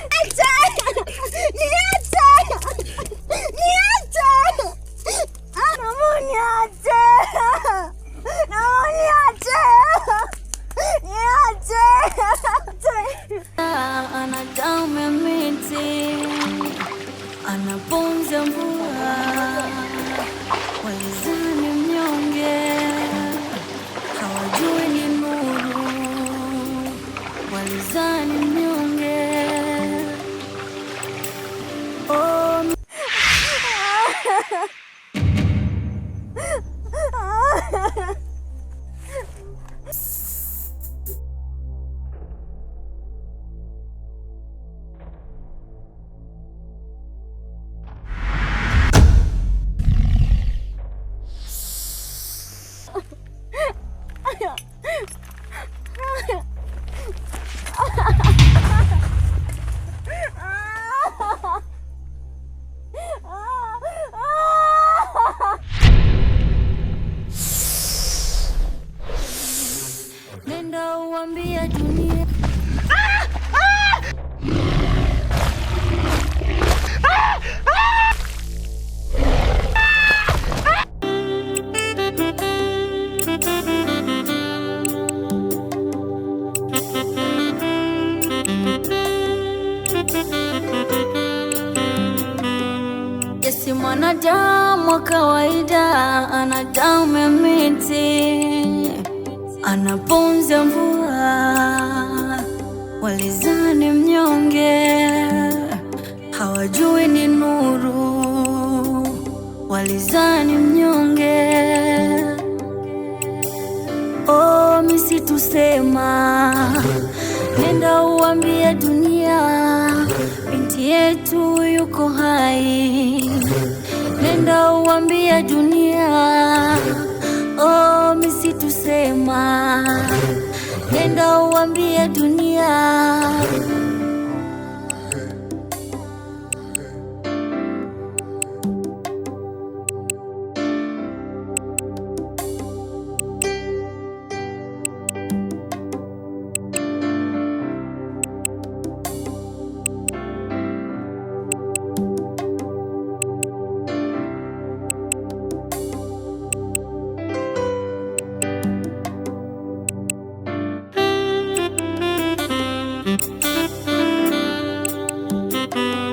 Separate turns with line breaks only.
尼阿泽，尼阿泽，尼阿泽，阿罗摩尼阿泽，罗摩尼阿你要追，
泽，阿泽。Nenda uambie dunia. Ah! Ah! mwanadamu wa kawaida ana damu ya miti anaponza mvua, walizani mnyonge, hawajui ni nuru, walizani mnyonge. Oh, misitusema nenda uambie dunia, binti yetu yuko hai, nenda uambie dunia sema nenda uambie dunia Thank you.